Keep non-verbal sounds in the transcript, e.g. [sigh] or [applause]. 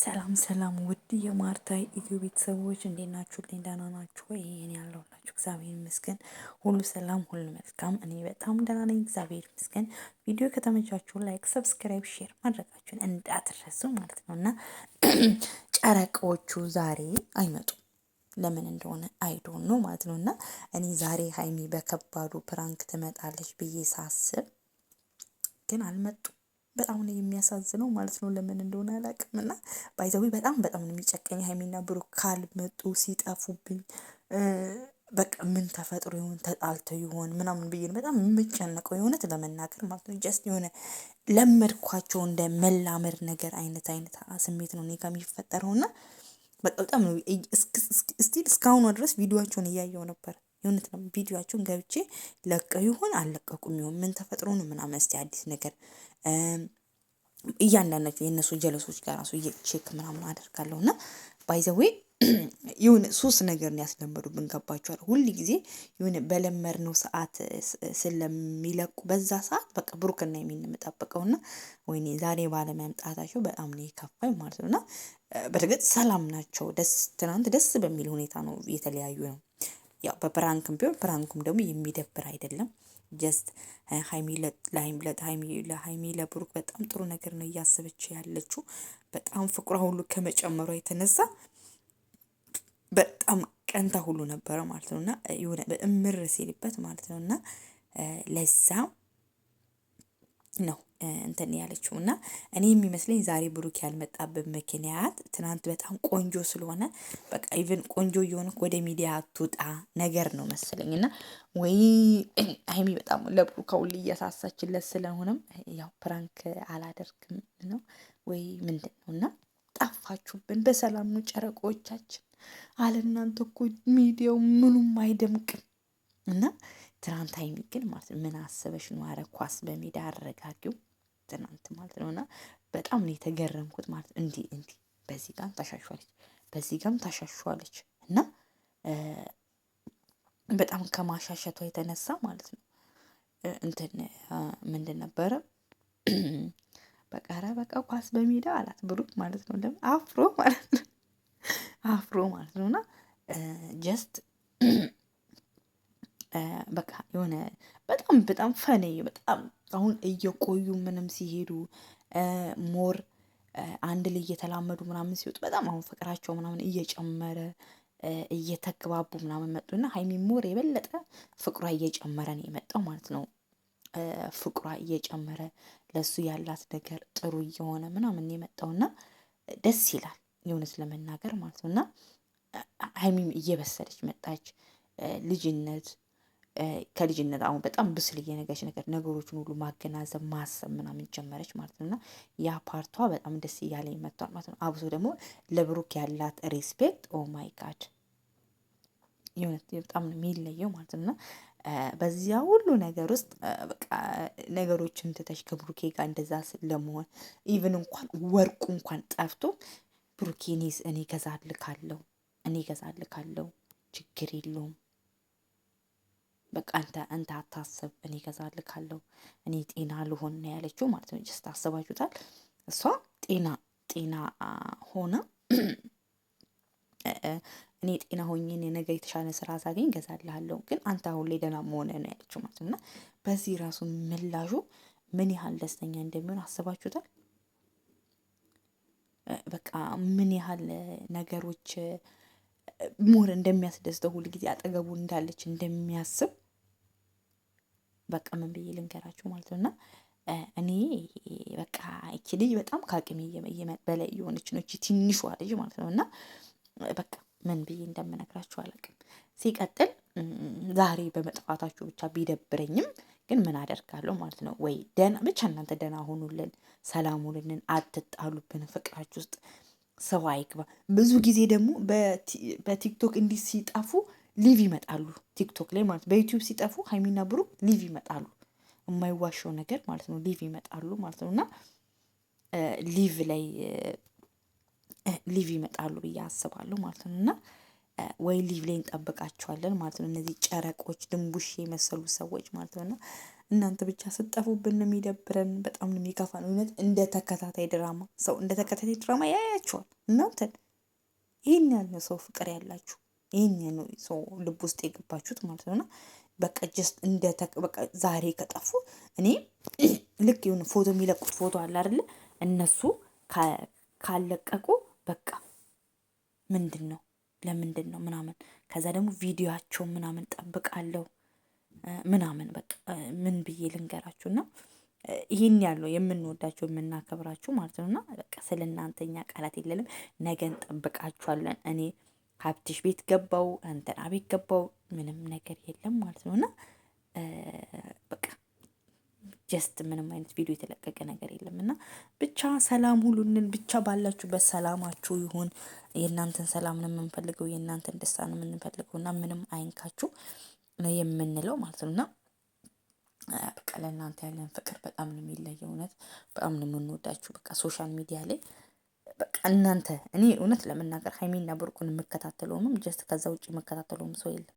ሰላም ሰላም ውድ የማርታ ኢትዮ ቤተሰቦች እንዴት ናችሁ? ደህና ናችሁ ወይ? እኔ ያለሁላችሁ እግዚአብሔር ይመስገን ሁሉ ሰላም፣ ሁሉ መልካም። እኔ በጣም ደህና ነኝ እግዚአብሔር ይመስገን። ቪዲዮ ከተመቻችሁ ላይክ፣ ሰብስክራይብ፣ ሼር ማድረጋችሁን እንዳትረሱ ማለት ነው እና [clears throat] ጨረቃዎቹ ዛሬ አይመጡም ለምን እንደሆነ አይዶን ነው ማለት ነው እና እኔ ዛሬ ሀይሚ በከባዱ ፕራንክ ትመጣለች ብዬ ሳስብ ግን አልመጡም በጣም ነው የሚያሳዝነው ማለት ነው። ለምን እንደሆነ አላውቅም። እና ባይዘዊ በጣም በጣም ነው የሚጨቀኝ ሀይሚና ብሩክ ካልመጡ ሲጠፉብኝ በቃ ምን ተፈጥሮ ይሆን ተጣልተው ይሆን ምናምን ብዬ በጣም የምጨነቀው የእውነት ለመናገር ማለት ነው። ጀስት የሆነ ለመድኳቸው እንደ መላመድ ነገር አይነት አይነት ስሜት ነው እኔ ጋ የሚፈጠረው እና በቃ በጣም ነው ስቲል እስካሁኗ ድረስ ቪዲዮቸውን እያየው ነበር የእውነት ነው። ቪዲዮቸውን ገብቼ ለቀው ይሆን አልለቀቁም ይሆን ምን ተፈጥሮ ነው ምናምን፣ እስቲ አዲስ ነገር እያንዳንዳቸው የእነሱ ጀለሶች ጋር ራሱ ቼክ ምናምን አደርጋለሁ እና ባይዘዌ [clears throat] የሆነ ሶስት ነገር ያስለመዱ ያስለመዱብን። ገባችኋል? ሁል ጊዜ የሆነ ነው ሰዓት ስለሚለቁ በዛ ሰዓት በቃ ብሩክና የምንጠብቀው ና ወይኔ ዛሬ ባለመምጣታቸው በጣም ነው የከፋኝ ማለት ነው። እና በእርግጥ ሰላም ናቸው። ደስ ትናንት ደስ በሚል ሁኔታ ነው የተለያዩ ነው ያው በፕራንክም ቢሆን ፕራንኩም ደግሞ የሚደብር አይደለም። ጀስት ለሀይሚ ለብሩክ በጣም ጥሩ ነገር ነው እያሰበች ያለችው። በጣም ፍቅሯ ሁሉ ከመጨመሯ የተነሳ በጣም ቀንታ ሁሉ ነበረ ማለት ነው እና የሆነ እምር ሲልበት ማለት ነው እና ለዛም ነው እንትን ያለችው እና እኔ የሚመስለኝ ዛሬ ብሩክ ያልመጣበት ምክንያት ትናንት በጣም ቆንጆ ስለሆነ በቃ ኢቨን ቆንጆ የሆነ ወደ ሚዲያ አትውጣ ነገር ነው መሰለኝ እና ወይ ሀይሚ በጣም ለብሩክ አሁን እያሳሳችለት ስለሆነም ያው ፕራንክ አላደርግም ነው ወይ ምንድን ነው እና ጠፋችሁብን። በሰላም ነው ጨረቆቻችን አለ እናንተ እኮ ሚዲያው ምኑም አይደምቅም እና ትናንት ሀይሚ ግን ማለት ነው ምን አሰበሽ ነው አረ ኳስ በሜዳ አረጋጊው ትናንት ማለት ነው። እና በጣም ነው የተገረምኩት ማለት ነው። እንዲህ እንዲህ በዚህ ጋም ታሻሿለች፣ በዚህ ጋም ታሻሿለች እና በጣም ከማሻሸቷ የተነሳ ማለት ነው እንትን ምንድን ነበረ በቃረ በቃ ኳስ በሜዳ አላት ብሩክ ማለት ነው። ለምን አፍሮ ማለት ነው አፍሮ ማለት ነው እና ጀስት በቃ የሆነ በጣም በጣም ፈኔ በጣም አሁን እየቆዩ ምንም ሲሄዱ ሞር አንድ ላይ እየተላመዱ ምናምን ሲወጡ በጣም አሁን ፍቅራቸው ምናምን እየጨመረ እየተግባቡ ምናምን መጡና ሀይሚ ሞር የበለጠ ፍቅሯ እየጨመረ ነው የመጣው ማለት ነው። ፍቅሯ እየጨመረ ለሱ ያላት ነገር ጥሩ እየሆነ ምናምን የመጣውና ደስ ይላል የእውነት ለመናገር ማለት ነው። እና ሀይሚም እየበሰለች መጣች ልጅነት ከልጅነት አሁን በጣም ብስል እየነገች ነገር ነገሮችን ሁሉ ማገናዘብ ማሰብ ምናምን ጀመረች ማለት ነው። እና ያ ፓርቷ በጣም ደስ እያለ መጥቷል ማለት ነው። አብሶ ደግሞ ለብሩክ ያላት ሬስፔክት ኦ ማይ ጋድ በጣም ነው የሚለየው ማለት ነው። እና በዚያ ሁሉ ነገር ውስጥ በቃ ነገሮችን ትተሽ ከብሩኬ ጋር እንደዛ ለመሆን ኢቭን እንኳን ወርቁ እንኳን ጠፍቶ ብሩኬ እኔ እገዛልካለሁ እኔ እገዛልካለሁ ችግር የለውም በቃ አንተ አንተ አታስብ፣ እኔ ገዛልካለሁ፣ እኔ ጤና ልሆን ነው ያለችው ማለት ነው። ጀስት አስባችሁታል። እሷ ጤና ጤና ሆና [clears throat] እኔ ጤና ሆኜ ነገ የተሻለ ስራ ሳገኝ ገዛልሃለሁ፣ ግን አንተ አሁን ላይ ደህና መሆን ነው ያለችው ማለት ነው። እና በዚህ ራሱ ምላሹ ምን ያህል ደስተኛ እንደሚሆን አስባችሁታል። በቃ ምን ያህል ነገሮች ሞር እንደሚያስደስተው ሁልጊዜ አጠገቡ እንዳለች እንደሚያስብ በቃ ምን ብዬ ልንገራችሁ ማለት ነው እና እኔ በቃ እቺ ልጅ በጣም ከአቅሜ በላይ የሆነች ነው ትንሿ ልጅ ማለት ነው እና በቃ ምን ብዬ እንደምነግራችሁ አላውቅም። ሲቀጥል ዛሬ በመጥፋታችሁ ብቻ ቢደብረኝም ግን ምን አደርጋለሁ ማለት ነው። ወይ ደህና ብቻ እናንተ ደህና ሆኑልን፣ ሰላም አትጣሉብን፣ ፍቅራችሁ ውስጥ ሰው አይግባ። ብዙ ጊዜ ደግሞ በቲክቶክ እንዲህ ሲጠፉ ሊቭ ይመጣሉ ቲክቶክ ላይ ማለት በዩቲዩብ ሲጠፉ ሀይሚና ብሩክ ሊቭ ይመጣሉ። የማይዋሸው ነገር ማለት ነው። ሊቭ ይመጣሉ ማለት ነው እና ሊቭ ላይ ሊቭ ይመጣሉ ብዬ አስባለሁ ማለት ነው እና ወይ ሊቭ ላይ እንጠብቃቸዋለን ማለት ነው። እነዚህ ጨረቆች ድንቡሽ የመሰሉ ሰዎች ማለት ነው እና እናንተ ብቻ ስጠፉብን ነው የሚደብረን። በጣም ነው የሚከፋን። እውነት እንደ ተከታታይ ድራማ ሰው እንደ ተከታታይ ድራማ ያያቸዋል እናንተን። ይህን ያህል ነው ሰው ፍቅር ያላችሁ ይህን ነው ሰው ልብ ውስጥ የገባችሁት ማለት ነው። እና በቃ ጀስት እንደ በቃ ዛሬ ከጠፉ እኔ ልክ የሆነ ፎቶ የሚለቁት ፎቶ አለ አይደለ? እነሱ ካለቀቁ በቃ ምንድን ነው ለምንድን ነው ምናምን፣ ከዛ ደግሞ ቪዲዮቸው ምናምን ጠብቃለሁ ምናምን በቃ ምን ብዬ ልንገራችሁ እና ይህን ያለው የምንወዳቸው የምናከብራችሁ ማለት ነው እና በቃ ስለ እናንተኛ ቃላት የለንም። ነገ እንጠብቃችኋለን እኔ ሀብትሽ ቤት ገባው እንትና ቤት ገባው ምንም ነገር የለም ማለት ነው። እና በቃ ጀስት ምንም አይነት ቪዲዮ የተለቀቀ ነገር የለም እና ብቻ ሰላም ሁሉንን ብቻ ባላችሁበት ሰላማችሁ ይሁን። የእናንተን ሰላም ነው የምንፈልገው፣ የእናንተን ደስታ ነው የምንፈልገው እና ምንም አይንካችሁ የምንለው ማለት ነው እና በቃ ለእናንተ ያለን ፍቅር በጣም ነው የሚለየው። እውነት በጣም ነው የምንወዳችሁ። በቃ ሶሻል ሚዲያ ላይ እናንተ እኔ እውነት ለመናገር ሀይሚና ብሩክን የምከታተለውንም ጀስት ከዛ ውጭ የምከታተለውም ሰው የለም።